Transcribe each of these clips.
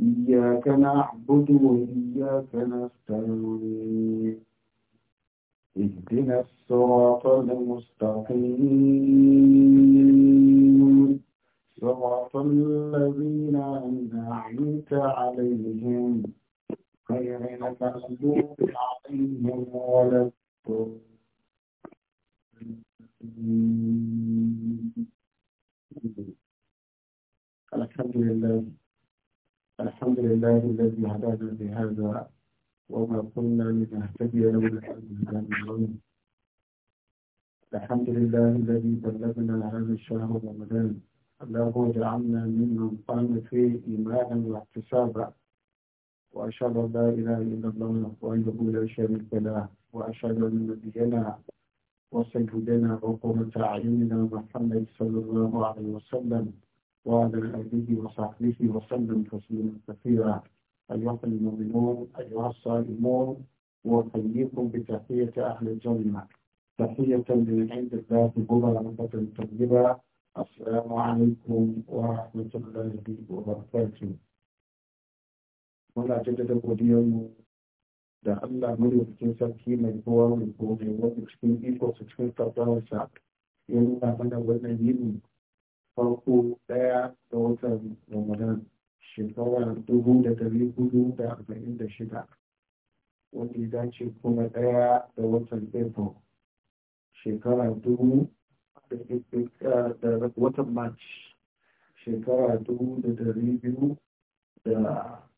إياك نعبد وإياك نستعين اهدنا الصراط المستقيم صراط الذين أنعمت عليهم غير المغلوب عليهم ولا الحمد لله الحمد لله الذي هدانا لهذا وما كنا لنهتدي لولا أن هدانا الله الحمد لله الذي بلغنا هذا الشهر رمضان الله جعلنا ممن قام فيه إيمانا واحتسابا وأشهد أن لا إله إلا الله وحده لا شريك له وأشهد أن نبينا وسيدنا وقومة أعيننا محمد صلى الله عليه وسلم وعلى آله وصحبه وسلم تسليما كثيرا أيها المؤمنون أيها الصائمون وأحييكم بتحية أهل الجنة تحية من عند الله مباركة طيبة السلام عليكم ورحمة الله وبركاته ولا jaddada godiyarmu da Allah madaukakin sarki mai kowa mai kome wanda cikin iko su cikin kaddawarsa ya nuna mana wannan yini farko ɗaya da watan ramadan shekara dubu da dari hudu da arba'in da shida wanda ya dace kuma ɗaya da watan april shekara dubu da watan march shekara dubu da dari biyu da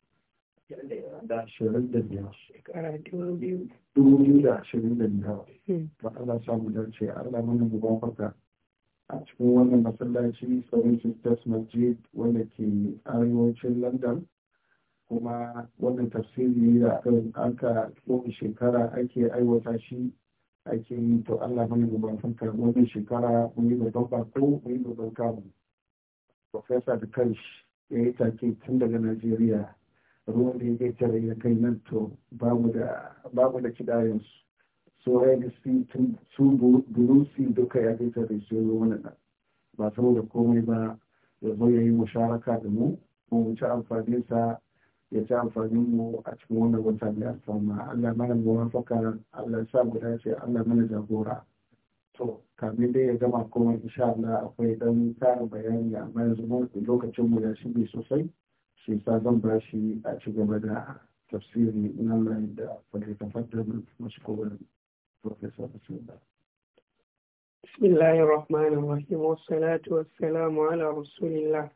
da ashirin da biyar shekara dubu biyu da ashirin da biyar hmm. ba ana samu dace ana mana farka a cikin wannan masallaci saurin sisters masjid wanda ke arewacin london kuma wannan tafsiri da aka kowace shekara ake aiwata shi ake yi to allah mana gaban fankar wannan shekara mun yi babban bako mun yi babban kamu profesa da kanshi ya yi take tun daga nigeria ruwan da ya tare ya kai nan to babu da kidayensu su su burusi duka ya fitar da shi wani ɗan ba saboda komai ba ya zo ya yi musharaka da mu ko mu ci amfanin sa ya ci amfanin mu a cikin wannan wata mai alfama Allah mana mu muwafaka Allah sa mu dace Allah mana jagora to kamin dai ya gama kuma insha Allah akwai dan karin bayani amma yanzu mun lokacin mu ya shige sosai shi sa zan ba shi a ci gaba da tafsiri nan da fadita fadda mashi kowane Professor Bismillah. Bismillahir Rahmanir Rahim. Wassalatu wassalamu ala Rasulillah.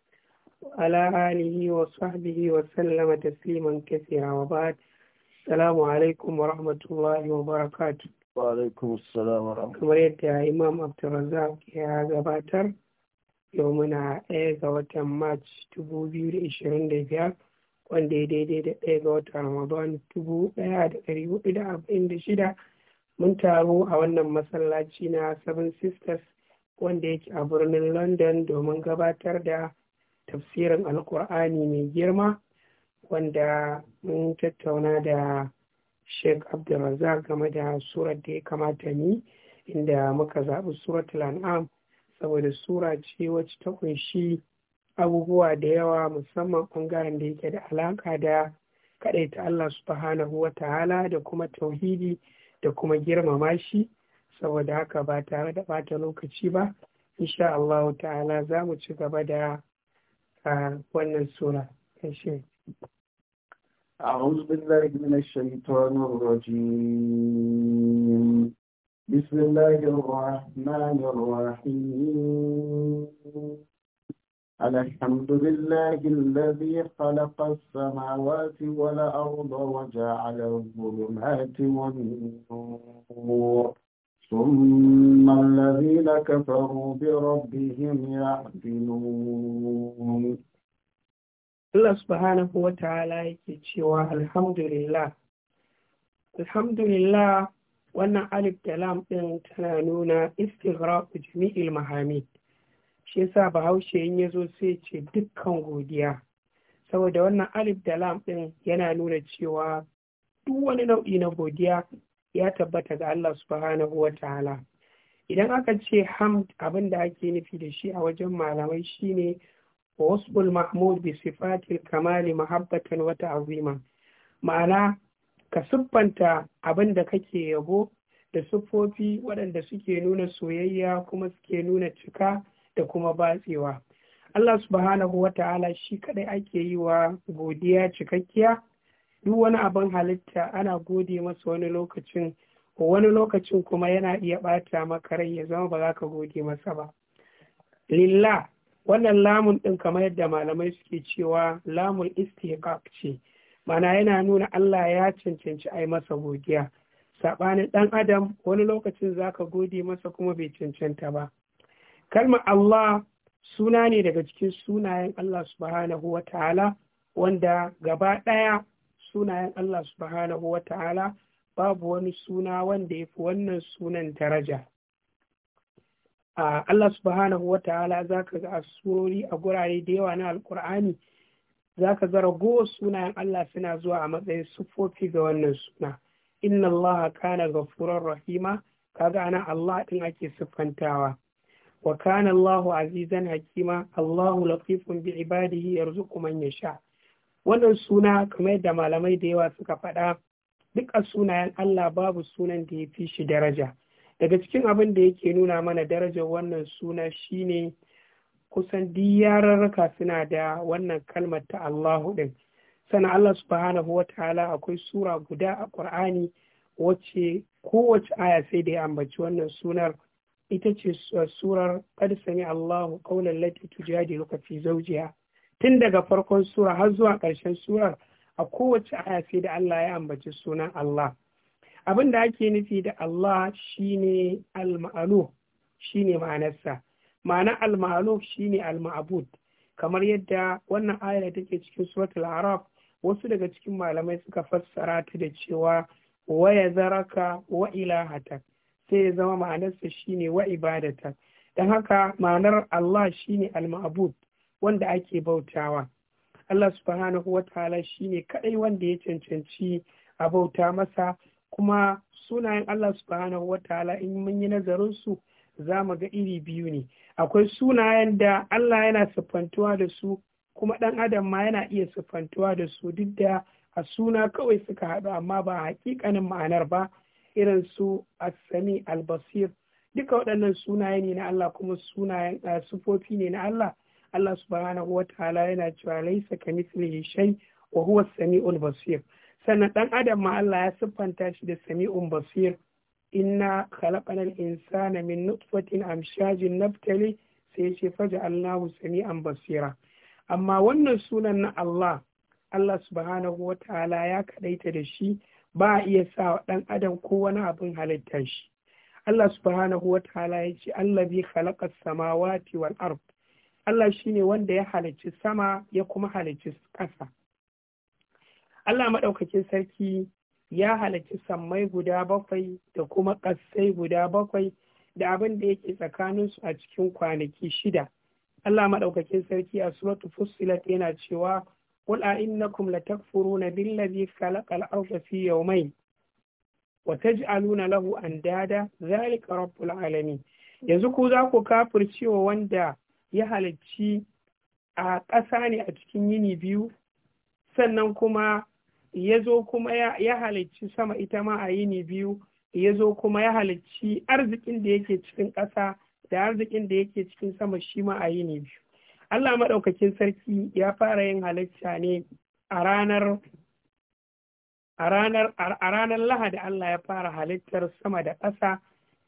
وعلى آله وصحبه وسلم تسليما كثيرا وبعد السلام عليكم ورحمة الله وبركاته وعليكم wanda ya daidai da ɗaya ga watan Ramadan ɗaya da ɗari hudu da mun taru a wannan masallaci na Seven Sisters wanda yake a birnin London domin gabatar da tafsirin Alkur'ani mai girma wanda mun tattauna da Sheikh Abdulrazak game da surar da ya kamata ni inda muka zaɓi suratul an'am saboda sura ce wacce ta kunshi abubuwa da yawa musamman ɓangaren da yake da alaƙa da kaɗaita Allah subhanahu wa ta'ala da kuma tauhidi da kuma girmama shi saboda haka ba tare da bata lokaci ba insha Allah ta'ala za mu ci gaba da wannan sura kashe أعوذ بالله من الشيطان الرجيم بسم الله الرحمن الرحيم الحمد لله الذي خلق السماوات والأرض وجعل الظلمات والنور ثم الذين كفروا بربهم يعدلون الله سبحانه وتعالى يكتشوى الحمد لله الحمد لله وانا على الكلام انت نونا استغراق جميع المحاميد shi yasa bahaushe in ya zo sai ce dukkan godiya saboda wannan alif da lam ɗin yana nuna cewa duk wani nau'i na godiya ya tabbata ga Allah subhanahu wa ta'ala idan aka ce hamd abin da ake nufi da shi a wajen malamai shine wasbul mahmud bi sifatil kamali mahabbatan wata ta'zima ma'ana ka siffanta abin da kake yabo da siffofi waɗanda suke nuna soyayya kuma suke nuna cika da kuma batsewa Allah subhanahu wa ta'ala shi kadai ake yi wa godiya cikakkiya duk wani abin halitta ana gode masa wani lokacin wani lokacin kuma yana iya ɓata maka rai ya zama ba za ka gode masa ba lillah wannan lamun ɗin kamar yadda malamai suke cewa lamun istihqaq ce mana yana nuna Allah ya cancanci ai masa godiya saɓanin ɗan adam wani lokacin za ka gode masa kuma bai cancanta ba Kalma Allah suna ne daga cikin sunayen Allah subhanahu wa ta'ala wanda gaba ɗaya sunayen Allah subhanahu wa ta'ala babu wani suna wanda ya fi wannan sunan daraja. Allah subhanahu wa ta'ala za ka ga surori a gurare da yawa na Alƙur'ani za ka ga ragowar sunayen Allah suna zuwa a matsayin siffofi ga wannan suna. Inna Allah kana gafurar rahima, kaga ana Allah ɗin ake siffantawa. wa kana Allahu azizan hakima Allahu latifun bi ibadihi yarzuqu man yasha wannan suna kamar da malamai da yawa suka faɗa duk sunayen Allah babu sunan da yafi shi daraja daga cikin abin da yake nuna mana darajar wannan suna shine kusan diyararraka suna da wannan kalmar ta Allahu din sana Allah subhanahu wa ta'ala akwai sura guda a Qur'ani wacce kowace aya sai da ya ambaci wannan sunar ita ce uh, surar qad sami Allahu ƙaunar lati tujadiluka fi zaujiya. tun daga farkon sura har zuwa ƙarshen surar a kowace aya sai da Allah ya ambaci sunan Allah abin da ake nufi da Allah shine al-ma'alu shine ma'anarsa ma'ana al-ma'alu shine al-ma'bud kamar yadda wannan ayar da take cikin suratul araf wasu daga cikin malamai suka fassara ta da cewa wa zaraka wa ilahatak sai ya zama ma'anarsa shine wa ibadata don haka ma'anar Allah shine al-ma'bud wanda ake bautawa Allah subhanahu wa ta'ala shine kaɗai wanda ya cancanci a bauta masa kuma sunayen Allah subhanahu wa ta'ala in mun yi nazarinsu su za mu ga iri biyu ne akwai sunayen da Allah yana siffantuwa da su kuma ɗan adam ma yana iya siffantuwa da su duk da a suna kawai suka haɗu amma ba hakikanin ma'anar ba irin su asami albasir duka waɗannan sunaye ne na Allah kuma sunayen eh, sufofi ne na Allah Allah subhanahu wa ta'ala yana cewa laisa kamithlihi shay wa huwa samiul basir sannan dan adam ma Allah ya siffanta shi da sami'un basir inna khalaqanal insana min nutfatin amshajin naftali sai ce allahu sami'an basira amma wannan sunan na Allah Allah subhanahu wa ta'ala ya kadaita da shi ba a iya sa ɗan adam ko wani abin halittar shi Allah subhanahu wa ta'ala ya ce Allah bi khalaqa samawati wal ard Allah shine wanda ya halicci sama ya kuma halicci ƙasa Allah madaukakin sarki ya halicci sammai guda bakwai da kuma ƙasai guda bakwai da abin da yake tsakaninsu a cikin kwanaki shida Allah maɗaukakin sarki a suratu fussilat yana cewa قل أئنكم لتكفرون بالذي خلق الأرض في يومين وتجعلون له أندادا ذلك رب العالمين yanzu ku za ku cewa wanda ya halarci a ƙasa ne a cikin yini biyu sannan kuma ya zo kuma ya halarci sama ita ma a yini biyu ya zo kuma ya halarci arzikin da yake cikin ƙasa da arzikin da yake cikin sama shi ma a yini biyu Allah maɗaukakin sarki ya fara yin halitta ne a ranar a lahadi Allah ya fara halittar sama da ƙasa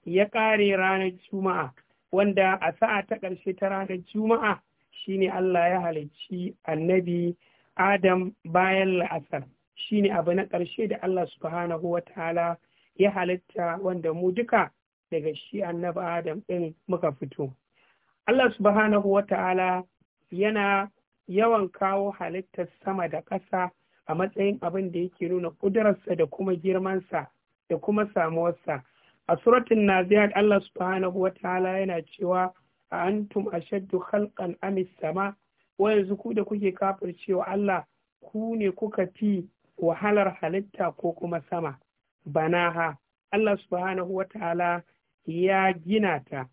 ya ƙare ranar juma'a wanda a sa'a ta ƙarshe ta ranar juma'a shine Allah ya halicci annabi Adam bayan la'asar shine abu na ƙarshe da Allah subhanahu wa ta'ala ya halitta wanda mu duka daga shi annabi Adam ɗin muka fito. Allah subhanahu wa ta'ala yana yawan kawo halittar sama da ƙasa a matsayin abin da yake nuna ƙudurarsa da kuma girmansa da kuma samuwarsa. A suratun Naziyat Allah subhanahu wa ta'ala yana cewa a antum ashaddu khalqan amis sama wa yanzu ku da kuke kafircewa Allah ku ne kuka fi wahalar halitta ko kuma sama banaha Allah subhanahu wa ta'ala ya gina ta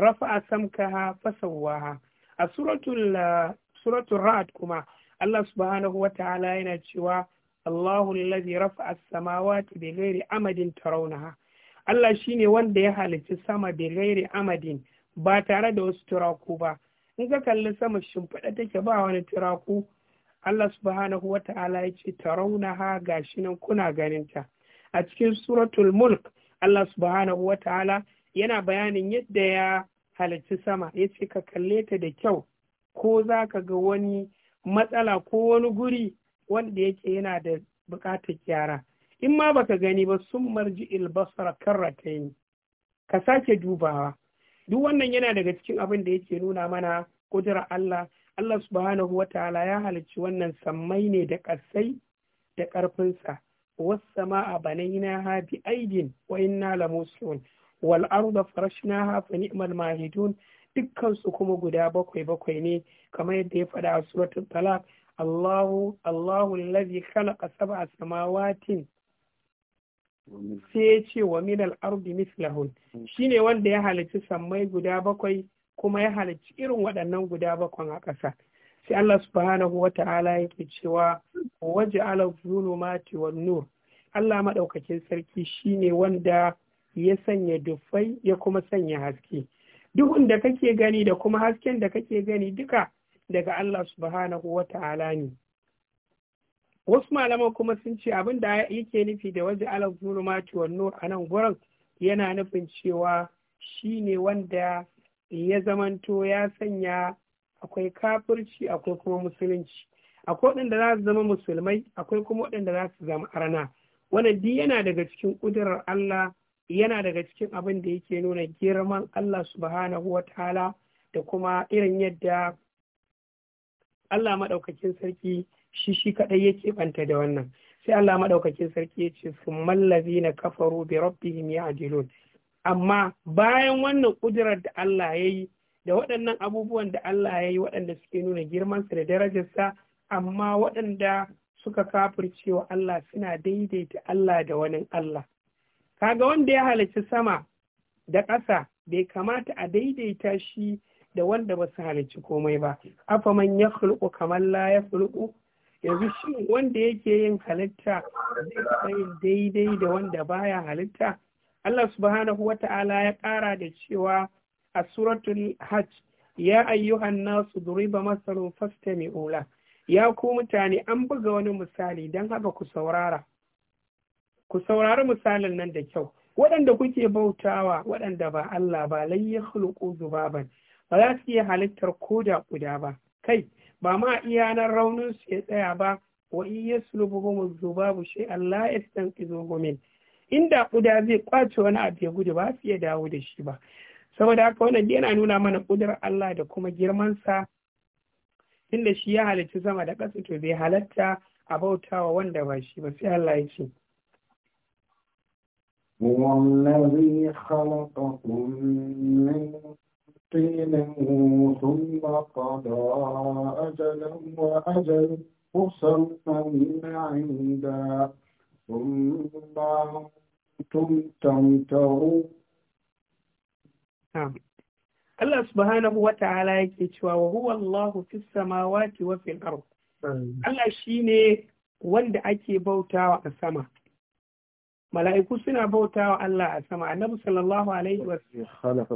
rafa'a samkaha fasawaha a suratun uh, ra'ad kuma Allah subhanahu wa ta'ala yana cewa Allahu allazi rafa'a as-samawati bighairi amadin tarawnaha Allah shine wanda ya halicci sama gairi amadin ba tare da wasu turaku ba in ka kalli sama shimfiɗa take ba wani turaku Allah subhanahu wa ta'ala ya ce ga gashi nan kuna ganinta a cikin suratul mulk Allah subhanahu wa ta'ala yana bayanin yadda ya halarci sama ya ce ka kalle ta da kyau ko za ka ga wani matsala ko wani guri wanda yake yana da buƙatar gyara in ma baka gani ba sun marji ilbasar yi ka sake dubawa duk wannan yana daga cikin abin da yake nuna mana kudura Allah Allah subhanahu wa ta'ala ya halarci wannan sammai ne da ƙasai da ƙarfinsa wasu a banaina ha bi aidin wa inna la wal farashina hafa ni'mal mahidun dukkansu kuma guda bakwai bakwai ne kamar yadda ya faɗa a suratul talak Allahu Allahu allazi a sab'a samawatin sai ya ce wa min al-ardi Shi shine wanda ya halicci sammai guda bakwai kuma ya halicci irin waɗannan guda bakwan a ƙasa sai Allah subhanahu wa ta'ala yake cewa waje ala zulumati wan nur Allah madaukakin sarki shine wanda ya sanya dufai ya kuma sanya haske duhun da kake gani da kuma hasken da kake gani duka daga Allah subhanahu wa ta'ala ne wasu malaman kuma sun ce abin da yake nufi da waje alal zulumati wan nur a nan gurin yana nufin cewa shi ne wanda ya zamanto ya sanya akwai kafirci akwai kuma musulunci akwai waɗanda za su zama musulmai akwai kuma waɗanda za su zama arna wannan duk yana daga cikin ƙudurar Allah yana daga cikin abin da yake nuna girman Allah subhanahu wa ta'ala da kuma irin yadda Allah maɗaukakin sarki shi shi kaɗai ya keɓanta da wannan sai Allah maɗaukakin sarki ya ce sun mallazi na kafaru bi rabbihim ya ajilun amma bayan wannan ƙudurar da Allah ya yi da waɗannan abubuwan da Allah ya yi waɗanda suke nuna girmansa da darajarsa amma waɗanda suka kafircewa Allah suna daidaita Allah da wani Allah kaga wanda ya halicci sama da ƙasa bai kamata a daidaita shi da wanda ba su halicci komai ba afa man ya fulku kamar la ya fulku yanzu shi wanda yake yin halitta zai daidai da wanda baya halitta Allah subhanahu wa ta'ala ya ƙara da cewa a suratul hajj ya ayyuhan nasu duriba masarun fastami ula. ya ku mutane an buga wani misali don haka ku saurara ku saurari misalin nan da kyau waɗanda kuke bautawa waɗanda ba Allah ba lai ya khuluqu zubaban ba za su iya halittar koda kuda ba kai ba ma iyanar raunin su ya tsaya ba wa in yaslubuhum zubabu shay'an la zo min inda kuda zai kwace wani abu ya gudu ba su iya dawo da shi ba saboda haka wannan yana nuna mana kudurar Allah da kuma girmansa tunda shi ya halitta sama da ƙasa to bai halatta a bautawa wanda ba shi ba sai Allah ya ce هو الذي خلقكم من طين ثم قضى أجلا وأجل مسمى عنده ثم أنتم تمترون نعم Allah subhanahu wa ta'ala yake cewa wa huwa Allahu fis samawati wa fil ard. Allah shine wanda ake bautawa a sama mala'iku suna bauta wa Allah a sama annabi sallallahu alaihi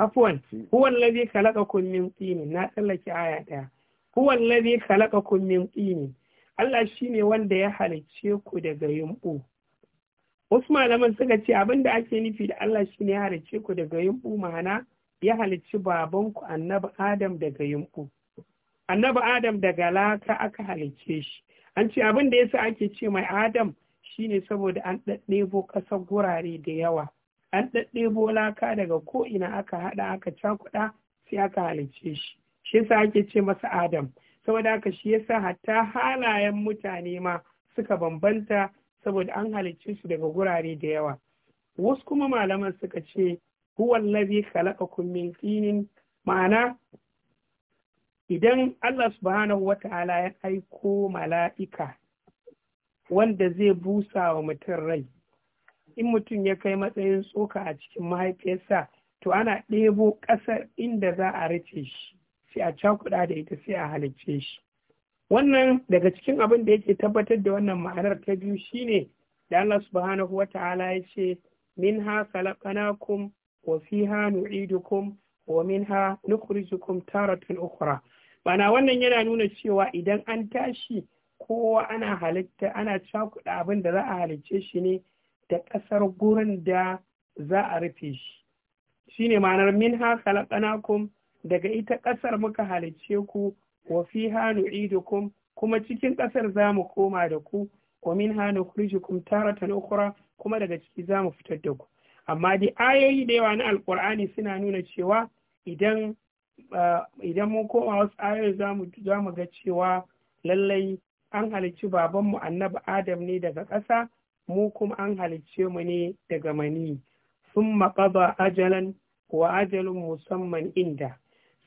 afwan huwa khalaqakum min tin na tsallake aya daya huwa allazi khalaqakum min tin Allah shine wanda ya halicce ku daga yumbu wasu malaman suka ce abin da ake nufi da Allah shine ya halicce ku daga yumbu ma'ana ya halicci babanku annabi Adam daga yumbu annabi Adam daga laka aka halicce shi an ce abin da yasa ake ce mai Adam Shi ne saboda an ɗaɗɗebo ƙasar gurare da yawa an ɗaɗɗebo laka daga ko'ina aka haɗa aka cakuɗa sai aka halicce shi shi yasa ake ce masa adam saboda haka shi yasa hatta halayen mutane ma suka bambanta saboda an halicce su daga gurare da yawa wasu kuma malaman suka ce ruwan allazi kalaka min tsinin ma'ana idan Allah subhanahu wa ta'ala ya aiko mala'ika wanda zai busa wa mutum rai in mutum ya kai matsayin tsoka a cikin mahaifiyarsa to ana ɗebo ƙasar inda za a rice shi sai a cakuɗa da ita sai a halicce shi wannan daga cikin abin da yake tabbatar da wannan ma'anar ta biyu shine da Allah subhanahu wata'ala ya ce "Min ha khalaqnakum wa fiha nu'idukum wa min ha nukhrijukum taratan ukhra ma'ana wannan yana nuna cewa idan an tashi kowa ana halitta ana cakuɗa abin da za a halicce shi ne da ƙasar gurin da za a rufe shi Shi ne ma'anar min ha kum daga ita ƙasar muka halicce ku wa ido kum kuma cikin ƙasar za mu koma da ku wa min ha tara ta nukura kuma daga ciki za mu fitar da ku amma dai ayoyi da yawa na alkur'ani suna nuna cewa idan eh, idan mun koma wasu ayoyi za mu ga cewa lallai an halicci babanmu annabi adam ne daga ƙasa mu kuma an halicce mu ne daga mani sun maƙaba ajalan wa ajalin musamman inda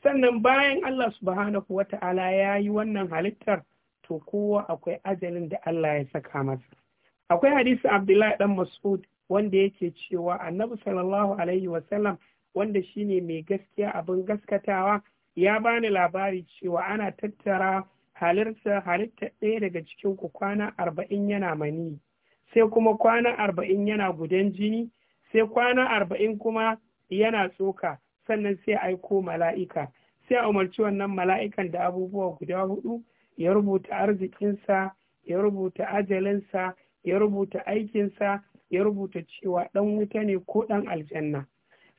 sannan bayan Allah subhanahu wa ta'ala ya yi wannan halittar to kowa akwai ajalin da Allah ya saka masa akwai hadisi Abdullahi dan Mas'ud wanda yake cewa Annabi sallallahu alaihi wa wanda shine mai gaskiya abin gaskatawa ya bani labari cewa ana tattara halarta halitta ɗaya daga cikin ku kwana arba'in yana mani sai kuma kwana arba'in yana gudan jini sai kwana arba'in kuma yana tsoka sannan sai aiko mala'ika sai a umarci wannan mala'ikan da abubuwa guda hudu ya rubuta arzikinsa ya rubuta ajalinsa ya rubuta aikinsa ya rubuta cewa ɗan wuta ne ko dan aljanna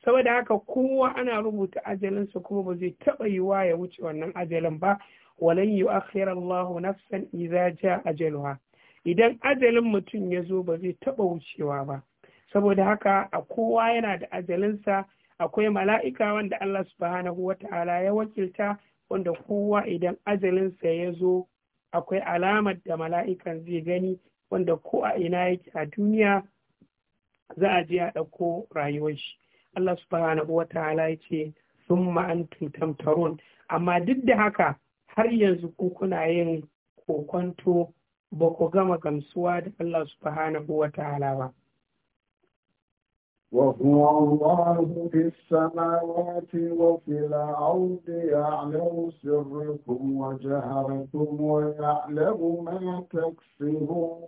saboda haka kowa ana rubuta ajalinsa kuma ba zai taɓa yiwa ya wuce wannan ajalin ba walan yu'akhir Allahu nafsan idza jaa ajaluha idan ajalin mutum ya zo ba zai taba wucewa ba saboda haka a kowa yana da ajalinsa akwai mala'ika wanda Allah subhanahu wata'ala ya wakilta wanda kowa idan ajalinsa ya zo akwai alamar da mala'ikan zai gani wanda ko a ina yake a duniya za a je a ɗauko rayuwar shi Allah subhanahu wata'ala ya ce sun ma'antum tamtarun amma duk da haka har yanzu ku kuna yin kokonto ba ku gama gamsuwa da Allah subhanahu wa ta'ala ba. وهو الله في السماوات وفي الأرض يعلم سركم وجهركم ويعلم ما تكسبون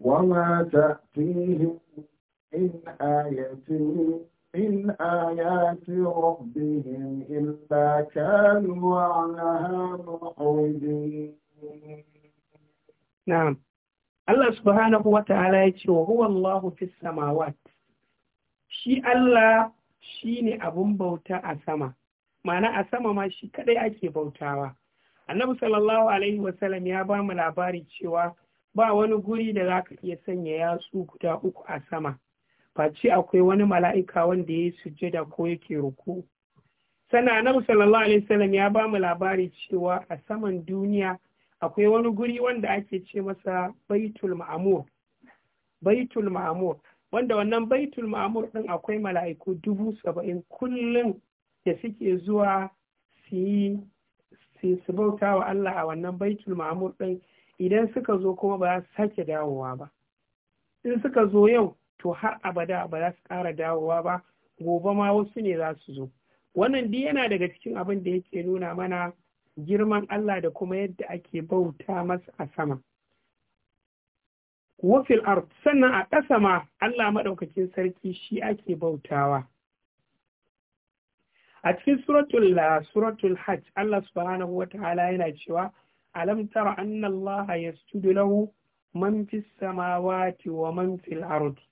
وما تأتيهم من آية من آيات ربهم إلا كانوا عنها معرضين نعم Allah subhanahu wa ta'ala ya ce wa huwa Allahu fis samawat shi Allah shine abun bauta a sama ma'ana a sama ma shi kaɗai ake bautawa Annabi sallallahu ya ba mu labari cewa ba wani guri da zaka iya sanya yatsu guda uku a sama face akwai wani mala'ika wanda ya yi sujjada ko yake ruku sana annabi sallallahu alaihi wasallam ya ba mu labari cewa a saman duniya akwai wani guri wanda ake ce masa baitul ma'amur baitul ma'amur wanda wannan baitul ma'amur ɗin akwai mala'iku dubu saba'in kullum da suke zuwa su yi su bauta wa Allah a wannan baitul ma'amur ɗin idan suka zo kuma ba za su sake dawowa ba in suka zo yau to har abada ba za su ƙara dawowa ba gobe ma wasu ne za su zo wannan duk yana daga cikin abin da yake nuna mana girman Allah da kuma yadda ake bauta masa a sama wafil ard sannan a ƙasa ma Allah maɗaukakin sarki shi ake bautawa a cikin suratul suratul hajj Allah subhanahu wata'ala yana cewa alam tara anna Allah yasjudu lahu man fis samawati wa man fil ardi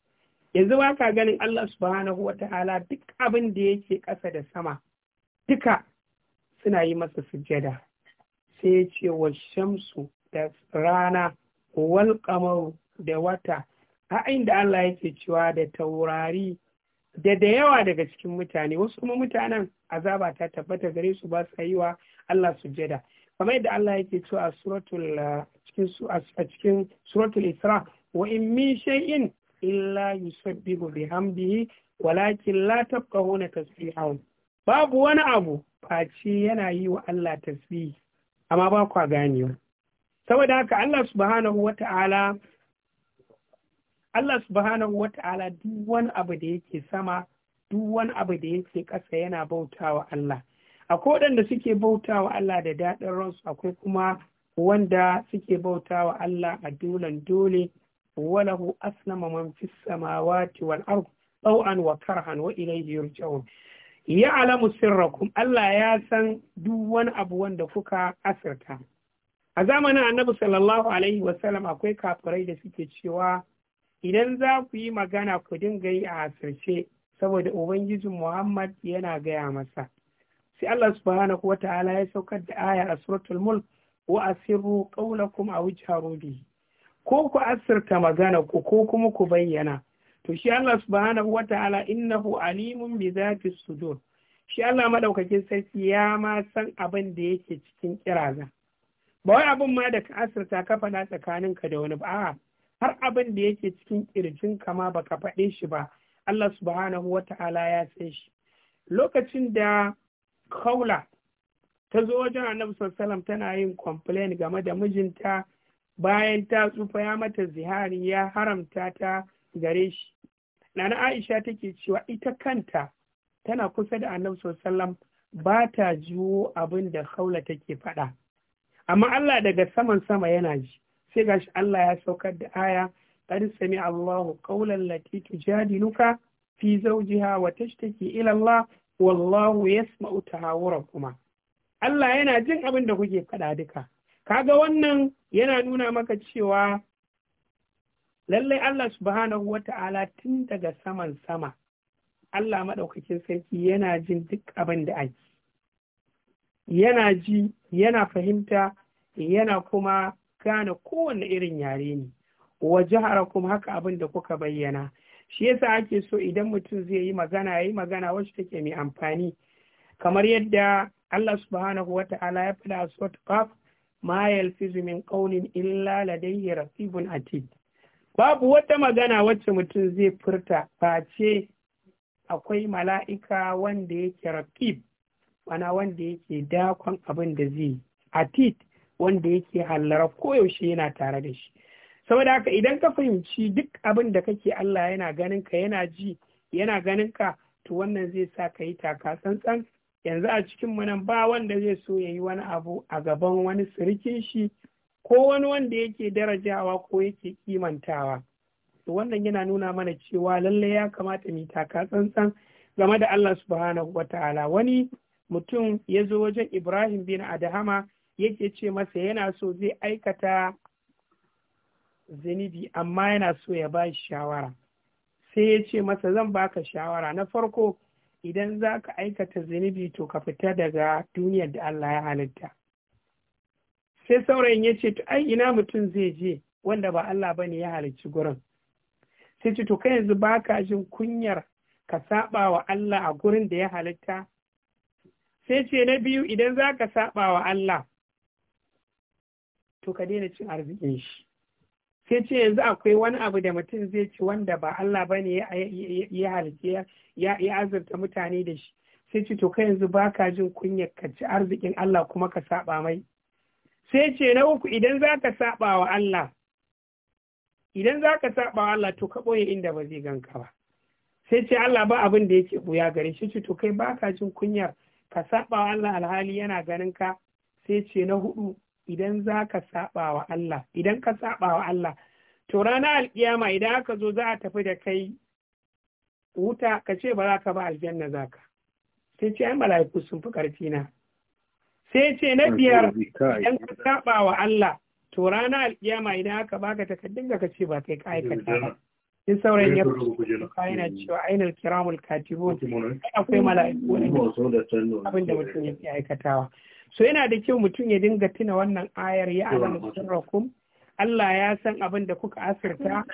yanzu ba ka ganin Allah subhanahu ta'ala duk abin da yake ƙasa da sama duka suna yi masa sujada. sai ce wa shamsu da rana wal kamaru da wata a inda Allah yake cewa da taurari da da yawa daga cikin mutane wasu kuma mutanen azaba ta tabbata gare su ba sa yi wa Allah sujjada kamar yadda Allah yake cewa a suratul cikin a cikin suratul Isra wa in min shay'in illa yusabbihu bihamdihi walakin la tafqahuna tasbihahum babu wani abu face yana yi wa Allah tasbih amma ba kwa wa? saboda haka Allah subhanahu wata'ala Allah subhanahu wata'ala duk wani abu da yake sama duk wani abu da yake ƙasa yana bautawa Allah akwai waɗanda suke bautawa Allah da daɗin ransu akwai kuma wanda suke bautawa Allah a dolan dole وله أسلم من في السماوات والأرض طوعا وكرها alamu يرجعون يعلم ya san duk wani abu wanda kuka asirta. a zamanin annabi sallallahu akwai kafirai da suke cewa idan za ku yi magana ku dinga yi a asirce saboda ubangijin muhammad yana gaya masa sai allah subhanahu wa ta'ala ya saukar da aya a suratul mulk wa asirru qawlakum a jaharu bihi ko ku asirta magana ku ko kuma ku bayyana to shi Allah subhanahu wata'ala innahu alimun bi zati sudur shi Allah madaukakin sarki ya ma san abin da yake cikin kiraza ba wai abin ma da ka asirta ka faɗa ka da wani ba har abin da yake cikin kirjin ma baka faɗe shi ba Allah subhanahu wata'ala ya san shi lokacin da kaula ta zo wajen annabi sallallahu tana yin complain game da mijinta bayan ta tsufa ya mata zihari ya haramta ta gare shi nana aisha take cewa ita kanta tana kusa da annabi sallam ba ta jiwo abin da haula take faɗa amma Allah daga saman sama yana ji sai gashi Allah ya saukar da aya qad sami Allahu qawlan lati tujadiluka fi zawjiha wa tashtaki ila Allah wallahu yasma'u kuma. Allah yana jin abin da kuke faɗa duka kaga wannan yana nuna maka cewa lallai Allah subhanahu wa ta'ala tun daga saman sama Allah maɗaukakin sarki yana jin duk abin da ake yana ji yana fahimta yana kuma gane kowane irin yare ne wa kuma haka abin da kuka bayyana shi yasa ake so idan mutum zai yi magana ya yi magana wacce take mai amfani kamar yadda Allah subhanahu wa ta'ala ya faɗa a surat ma yalfizu min qawlin illa ladayhi raqibun atid babu wata magana wacce mutum zai furta face akwai mala'ika wanda yake raqib mana wanda yake dakon abin da zai atid wanda yake hallara koyaushe yana tare da shi saboda haka idan ka fahimci duk abin da kake Allah yana ganin ka yana ji yana ganin ka to wannan zai sa ka yi taka tsantsan yanzu a cikin mu nan ba wanda zai so ya yi wani abu a gaban wani sirikin shi ko wani wanda yake darajawa ko yake kimantawa to wannan yana nuna mana cewa lallai ya kamata mu taka tsantsan game da Allah subhanahu Ta'ala. wani mutum ya zo wajen Ibrahim bin Adahama yake ce masa yana so zai aikata zinibi amma yana so ya ba shawara sai ya ce masa zan baka shawara na farko idan za ka aikata zunubi to ka fita daga duniyar da Allah ya halitta sai saurayin ya ce to ai ina mutum zai je wanda ba Allah ba ne ya halicci gurin sai ce to kai yanzu ba ka jin kunyar ka saba wa Allah a gurin da ya halitta sai ce na biyu idan za ka saba wa Allah to ka daina cin arzikin shi sai ce yanzu akwai wani abu da mutum zai ci wanda ba Allah ba ne ya halice ya azurta mutane da shi sai ce to kai yanzu baka jin kunyar ka ci arzikin Allah kuma ka saba mai sai ce na uku idan za ka saba wa Allah idan za ka saba wa Allah to ka ɓoye inda ba zai ganka ba sai ce Allah ba abin da yake buya gare shi ce to kai baka jin kunyar ka saba wa Allah alhali yana ganin ka sai ce na hudu idan za ka saɓa wa Allah idan ka saba wa Allah to rana alƙiyama idan aka zo za a tafi da kai wuta ka ce ba za ka ba aljanna za ka sai ce ai mala'iku sun fi ƙarfi na sai ce na biyar idan ka saɓa wa Allah to rana al'iyama, idan aka ba ka takardun ka ce ba kai ka aikata ba Sai sauran ya kuka yana cewa ainihin kiramul katibun akwai mala'iku abin da mutum ya fi aikatawa so yana da kyau mutum ya dinga tuna wannan ayar ya alamu Allah ya san abin da kuka asirta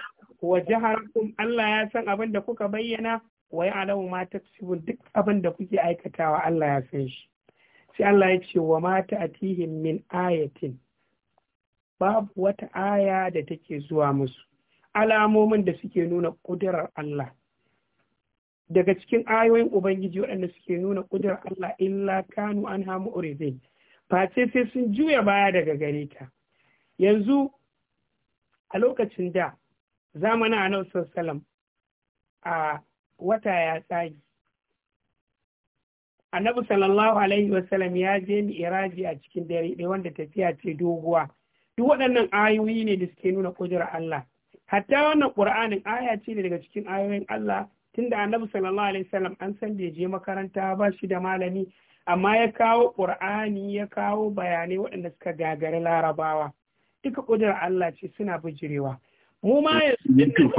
wa jaharakum Allah ya san abin da kuka bayyana wa ya alamu ma duk abin da kuke aikatawa Allah ya san shi sai Allah ya ce wa ma ta'tihim min ayatin babu wata aya da take zuwa musu alamomin da suke nuna kudirar Allah daga cikin ayoyin ubangiji waɗanda suke nuna ƙudurar Allah illa kanu an hamu uridin face sai sun juya baya daga gare ta yanzu a lokacin da a nan sallam a wata ya tsagi annabi sallallahu alaihi wasallam ya je iraji a cikin dare ɗaya wanda tafiya ce doguwa duk waɗannan ayoyi ne da suke nuna ƙudurar Allah hatta wannan ƙur'anin aya ce daga cikin ayoyin Allah tunda annabi sallallahu alaihi wasallam an san bai je makaranta ba shi da malami amma ya kawo qur'ani ya kawo bayanai waɗanda suka gagari larabawa duka ƙudurar Allah ce suna bijirewa mu ma ya YouTube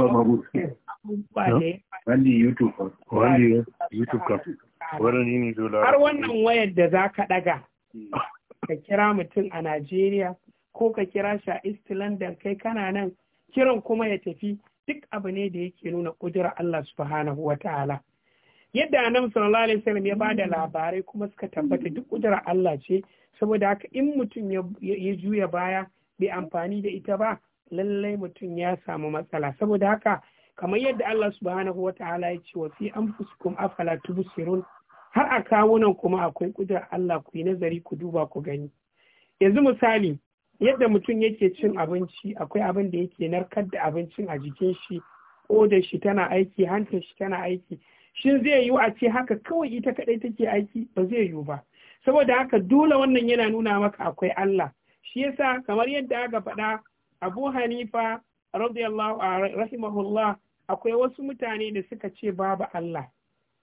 ka wani har wannan wayar da zaka daga ka kira mutum a Najeriya ko ka kira shi a East London kai kana nan kiran kuma ya tafi duk abu ne da yake nuna kudura Allah subhanahu wa ta'ala yadda annabi sallallahu alaihi wasallam ya bada mm. labarai kuma suka tabbata duk kudura Allah ce saboda haka in mutum ya juya baya bai amfani da ita ba lallai mutum ya samu matsala saboda haka kamar yadda Allah subhanahu wa ta'ala ya ce wa fi anfusikum afala tubsirun har a kawunan kuma akwai kudura Allah ku yi nazari ku duba ku gani yanzu misali yadda mutum yake cin abinci akwai abin da yake narkar da abincin a jikin shi odar shi tana aiki hantar shi tana aiki shin zai yiwu a ce haka kawai ita kadai take aiki ba zai yiwu ba saboda haka dole wannan yana nuna maka akwai Allah shi yasa kamar yadda aka faɗa Abu Hanifa radiyallahu rahimahullah akwai wasu mutane da suka ce babu Allah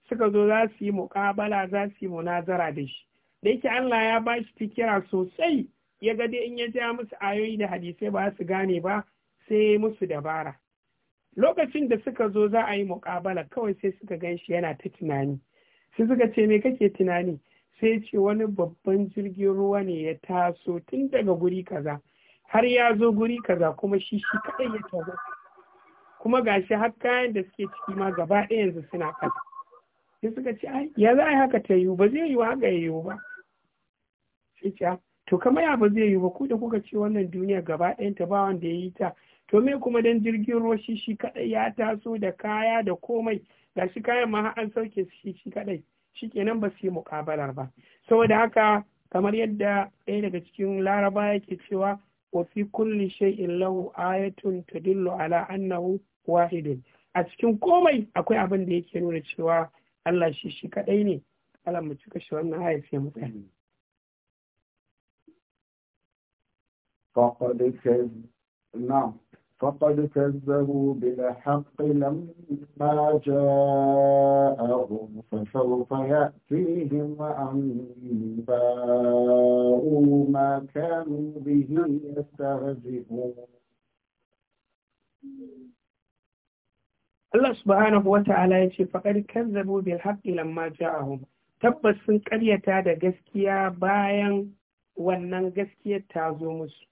suka zo za su yi muƙabala za su yi munazara da shi da yake Allah ya ba shi fikira sosai ya ga dai in ya ja musu ayoyi da hadisai ba su gane ba sai musu dabara lokacin da suka zo za a yi muƙabala kawai sai suka gan shi yana ta tunani sai suka ce me kake tunani sai ce wani babban jirgin ruwa ne ya taso tun daga guri kaza har ya zo guri kaza kuma shi shi kaɗai ya taso kuma gashi har kayan da suke ciki ma gaba ɗaya yanzu suna kasa. sai suka ce ya za a yi haka ta yiwu ba zai yiwu haka ya yiwu ba sai ce ah, to kamar ya ba zai yi ba ku da kuka ce wannan duniya gaba ta ba wanda ya yi ta to me kuma dan jirgin ruwa shi shi kaɗai ya taso da kaya da komai ga shi kayan ma an sauke shi shi kaɗai shi kenan ba su yi muƙabalar ba saboda haka kamar yadda ɗaya daga cikin laraba yake cewa wa fi kulli shay'in lahu ayatun tadullu ala annahu wahidun a cikin komai akwai abin da yake nuna cewa Allah shi shi kadai ne Allah mu cika shi wannan haifi mu tsaya فقد كذب نعم فقد كذبوا بالحق لما جاءهم فسوف يأتيهم أنباء ما كانوا به يستهزئون الله سبحانه وتعالى يقول فقد كذبوا بالحق لما جاءهم تبسن قرية هذا قسكية باين وانن قسكية تازو مسلم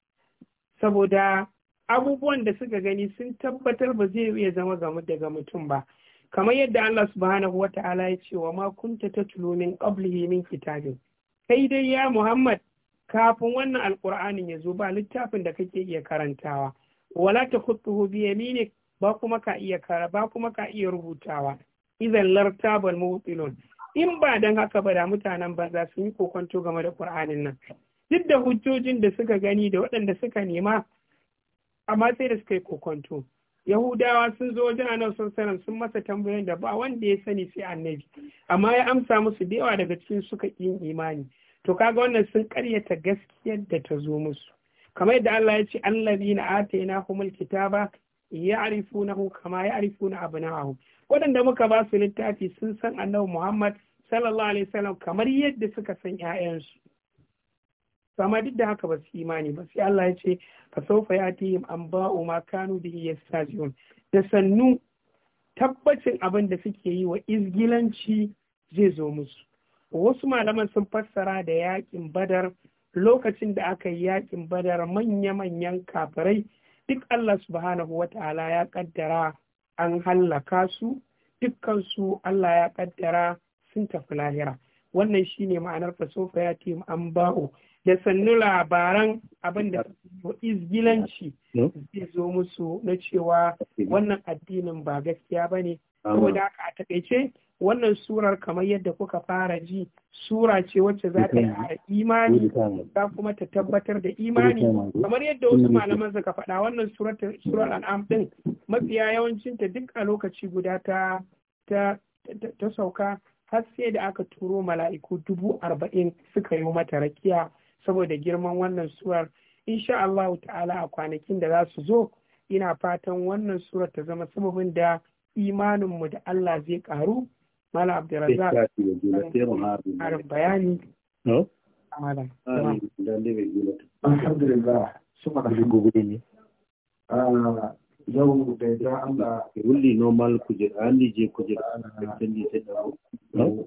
saboda abubuwan da suka gani sun tabbatar ba zai iya zama game daga mutum ba kamar yadda Allah subhanahu wata'ala ya ce wa makunta ta tulo min qablihi min kitabin kai dai ya Muhammad kafin wannan alƙur'anin ya zo ba littafin da kake iya karantawa wala ta takhutuhu bi yaminik ba kuma ka iya kara ba kuma ka iya rubutawa idan lartabal mutilun in ba dan haka ba da mutanen banza sun yi kokonto game da qur'anin nan duk da hujjojin da suka gani da waɗanda suka nema amma sai da suka yi kokonto yahudawa sun zo wajen sun sanar sun masa tambayoyin da ba wanda ya sani sai annabi amma ya amsa musu da yawa daga cikin suka yin imani to kaga wannan sun karyata gaskiyar da ta zo musu kamar yadda Allah ya ce allazina atainahumul kitaba ya'rifunahu kama ya'rifuna abna'ahum waɗanda muka ba su littafi sun san annabi Muhammad sallallahu alaihi wasallam kamar yadda suka san 'ya'yansu. to amma duk da haka ba su imani ba sai Allah ya ce fa sawfa yatihim anba'u ma kanu bihi yastaziyun da sannu tabbacin abin da suke yi wa izgilanci zai zo musu wasu malaman sun fassara da yakin badar lokacin da aka yi yakin badar manya-manyan kafirai duk Allah subhanahu wa ta'ala ya kaddara an hallaka su dukkansu Allah ya kaddara sun tafi lahira wannan shine ma'anar fasofa ya an ba'o da sannu labaran abin da izgilanci zai zo musu na cewa wannan addinin ba gaskiya ba ne saboda haka a takaice wannan surar kamar yadda kuka fara ji sura ce wacce za ta yi imani za kuma ta tabbatar da imani kamar yadda wasu malaman suka faɗa wannan surar al'am ɗin mafiya yawancinta duk a lokaci guda ta ta sauka har sai da aka turo mala'iku dubu arba'in suka yi mata rakiya saboda girman wannan surar insha Allah ta'ala a kwanakin da za su zo ina fatan wannan surar ta zama sababin da imaninmu da Allah zai karu mala abdurrazzaq harin bayani ah, da ah, ya normal kujera an lije kujera an ah,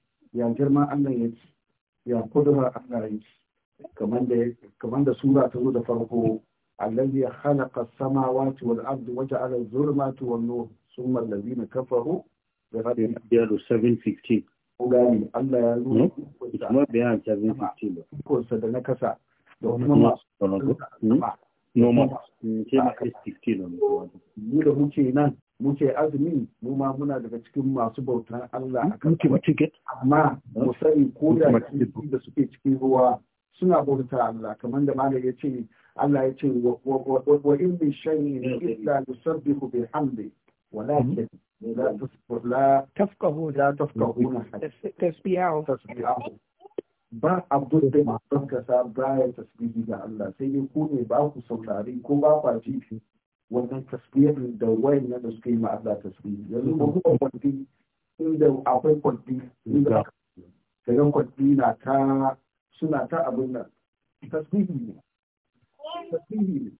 ya girman Allah yake ya kudurar Allah yake kamar da kamar da sura ta zo da farko allazi khalaqa samawati wal ardi wa ja'ala adh-dhulumati wan nur thumma allazina kafaru bi ghadin yalu 715 ko gani Allah ya nuna hmm? kuma bayan 715 ko sa da na kasa da kuma masu noma noma ke ma 16 ne ko da huce nan muke azumi mu ma muna daga cikin masu bautan Allah a kan amma mu sani ko da da suke cikin ruwa suna bauta Allah kamar da malam ya ce Allah ya ce wa in bi shay'in illa yusabbihu bihamdi walakin mm-hmm. la la tafqahu la tasbihu tasbihu ba abu da masu ba baya tasbihi ga Allah sai dai ku ne ba ku saurari ko ba ku ji wannan tasbiyar da nan da suka yi ma Allah yanzu ba hmm. kuma kwanti inda akwai kwanti inda hmm. kaga kwanti na ta suna ta abin nan tasbihi ne tasbihi ne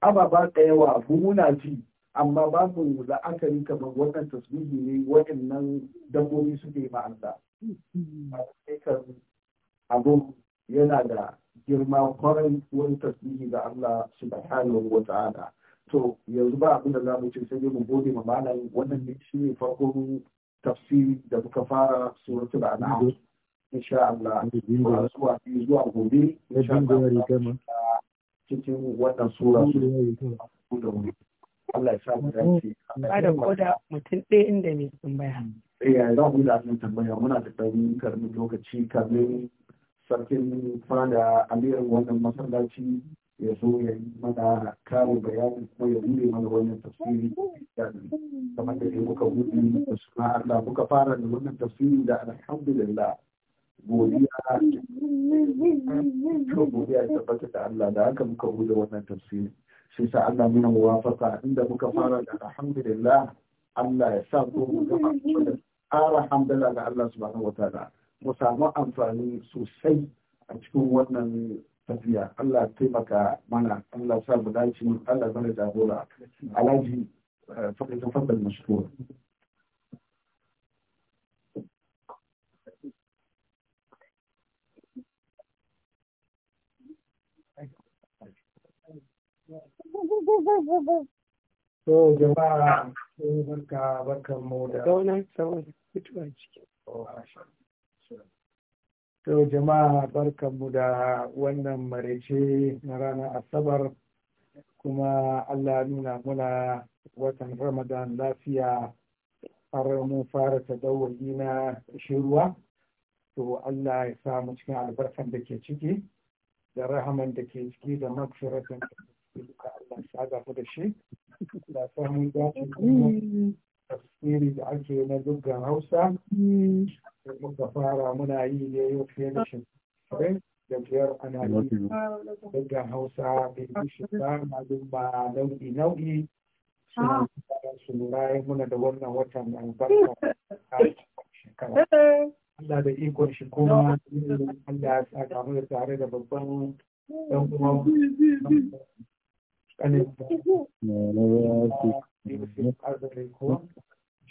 ababa da yawa muna ji amma yi la'akari kamar wannan tasbihi ne waɗannan dabbobi suke ma Allah hmm. abu yana da girma kwarai wani tasbihi da Allah subhanahu wa ta'ala to yanzu ba abin da za mu ce sai dai mu gode ma malam wannan ne shi ne farko tafsiri da muka fara suratul an'am insha Allah zuwa zuwa gobe insha Allah cikin wannan sura su da wani Allah ya sa mu dace ba da koda mutum ɗaya inda ne tambaya Iya, eh, za mu yi da tambaya muna da ɗan karamin lokaci kamin sarkin fada aliyar wannan masallaci ya zo ya yi mana karin bayani kuma ya bude mana wannan tafsiri kamar da muka buɗe da suna Allah muka fara da wannan tafsiri da alhamdulillah godiya to godiya ya tabbata da Allah da haka muka bude wannan tafsiri shi sa Allah muna muwafaka inda muka fara da alhamdulillah Allah ya sa ko mu gama da ƙara hamdala ga Allah subhanahu wataala mu samu amfani sosai a cikin wannan tafiya Allah taimaka mana Allah sa mu dace Allah mana jagora alaji eh, fakai tafaddal mashkur To jama'a barka barkan mu da. Zauna, zauna, mutuwa ciki. Oh, To jama'a barkanmu da wannan maraice na ranar Asabar kuma Allah nuna muna watan Ramadan lafiya har mun fara tadawuri na shiruwa. To Allah ya samu cikin albarkan da ke ciki da rahaman da ke ciki da magfiratan duka Allah ya sa da shi. Da samun da ake na dukkan Hausa. muka fara muna yi ne yau fiye da shekaru da biyar ana yi duk da hausa da yi shekaru ma ba nau'i nau'i suna ah. su lura muna da wannan watan albarka a shekara eh. Allah da ikon shi kuma Allah ya saka mu tare da babban dan kuma kanin da ya fi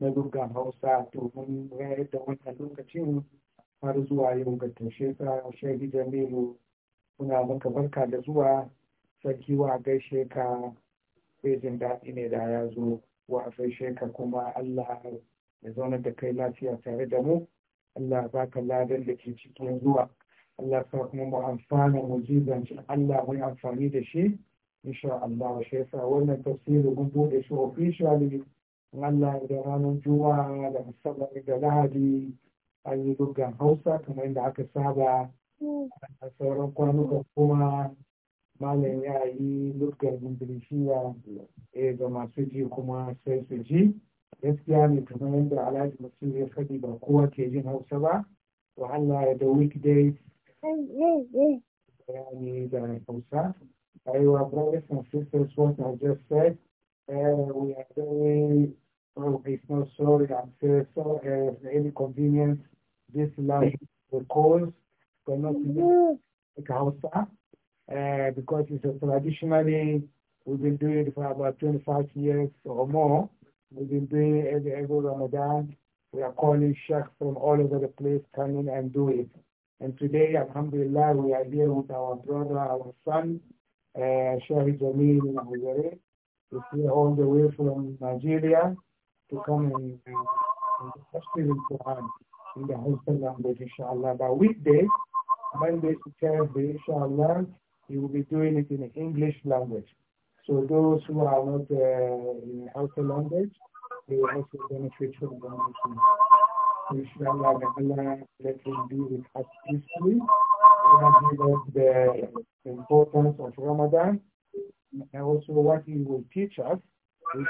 na dukkan hausa domin rayar da wannan lokacin har zuwa yau ga tashe ka jamilu muna maka barka da zuwa sarki wa gaishe ka bai jin daɗi ne da ya zo wa a gaishe ka kuma allah ya zauna da kai lafiya tare da mu allah ba ka ladan da ke cikin zuwa allah ka kuma mu amfana mu jizancin allah mu amfani da shi insha allah shi yasa wannan tafsirin mun bude shi officially Allah da ranar juwa da musamman da lahadi an yi dukkan hausa kamar yadda aka saba a sauran kwanukan kuma malam ya yi dukkan ingilishi eh, ga masu ji kuma sai su ji gaskiya ne kamar yadda alhaji masu ya faɗi ba kowa ke jin hausa ba wahala da ya bayani da hausa I will brothers and sisters what I just said and we are uh, very, oh, it's not sorry, I'm sorry, so uh, any convenience this land will cause, but not like Hausa, uh, because it's a traditionally, we've been doing it for about 25 years or more. We've been doing it every, every Ramadan. We are calling sheikhs from all over the place, coming and do it. And today, alhamdulillah, we are here with our brother, our son, uh, Shahid Jamil Al-Wazari, to fly all the way from Nigeria to come and, and study the Quran in the hostel language, inshallah. But weekdays, Monday to Thursday, inshallah, you will be doing it in English language. So those who are not uh, in hostel language, they will also benefit from the language. Inshallah, Allah let him be with us peacefully. Allah give us the importance of Ramadan and also what he will future, we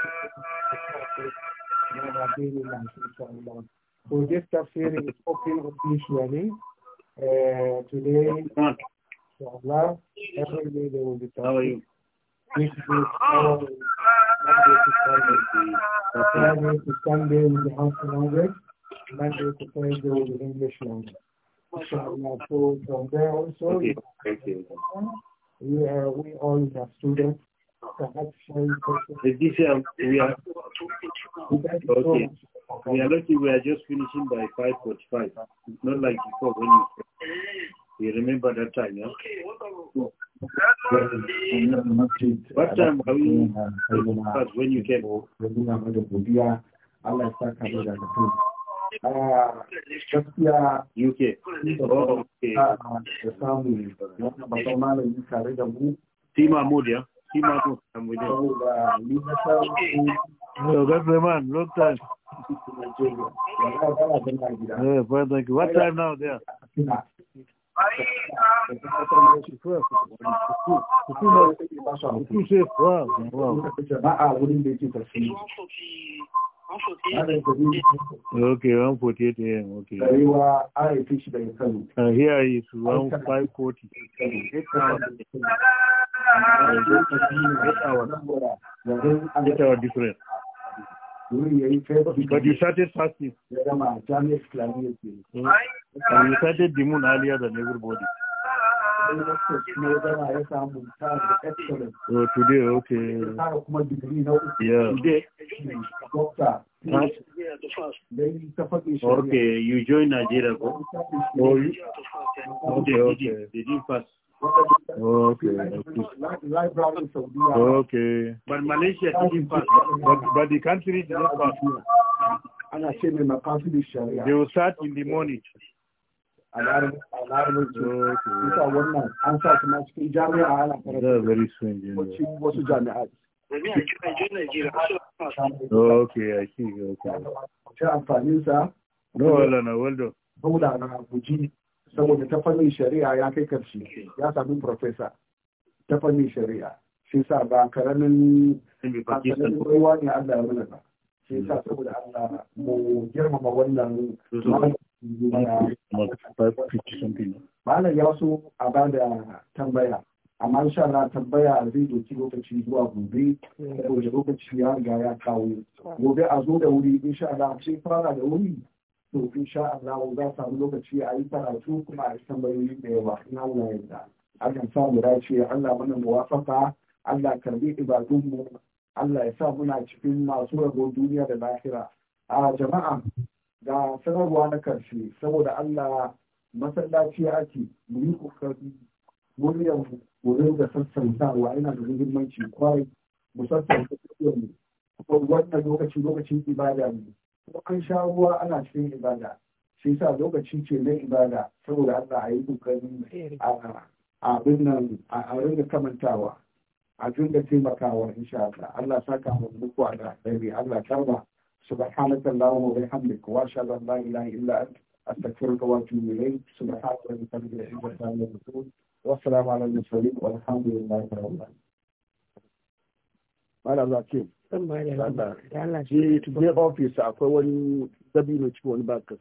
So this tafsir is open officially uh, today, inshallah. Every day they will be tafsir. How are you? This is our Monday to Sunday. Friday to Sunday will the Hausa language. Monday to Thursday will be English language. Inshallah. So from there also, okay. Thank you. We, are, we all have students. perhaps showing the DCM, um, we are okay. We are lucky we are just finishing by five forty-five. It's not like before when you, you remember that time, yeah? So, what time are we first when you came? when you came, oh, when you came, when you came, when you came, da mu. Tima Mood, ya? O que want to come with him. No, that's the man. Long time. Yeah, fine, thank you. What time now there? Okay, 148 AM, okay. Uh, here is forty. get our difference. But you started fasting. And you started the moon earlier than everybody. Oh, today, okay. Yeah. Today. Okay, you join Nigeria. Oh, you? Okay, okay. They didn't fast. Okay. Okay. But Malaysia didn't pass. But, but the country did not pass. They will start in the morning. That's very strange. Okay, I see. Okay. No, no, no, well done. saboda ta fannin shari'a ya kai karshe ya sami profesa ta fannin shari'a shi sa ba karamin baiwa ne Allah ya mana ba shi sa hmm. saboda Allah mu girmama wannan malam ya so a ba da tambaya amma insha Allah tambaya zai doki lokaci zuwa gobe hmm. saboda lokaci ya riga ya kawo hmm. gobe a zo da wuri insha Allah sai fara da wuri to sha'ar Allah za samu lokaci a yi karatu kuma a yi bayoyi da yawa Na wuna ya yarda Allah sa mu dace Allah mana muwafaka Allah karbi ibadunmu Allah ya sa muna cikin masu rabo duniya da lahira a jama'a ga sanarwa na karshe saboda Allah masallaci ake mu yi kokari muryar wurin da sassantawa yana da muhimmanci kwarai mu sassanta muryar mu wannan lokaci lokacin ibada ne an sha ruwa ana cikin ibada shi sa lokaci ce na ibada saboda Allah a yi kokarin a abin nan a ringa kamantawa a ringa taimakawa insha Allah Allah ka mu muku a alheri Allah karba سبحانك اللهم وبحمدك واشهد ان لا اله الا انت استغفرك واتوب اليك سبحانك ربك رب العزه عما يصفون su على المرسلين والحمد لله رب العالمين. ما لا san ba da Allah shi ofis akwai wani dabino ciki wani ba ka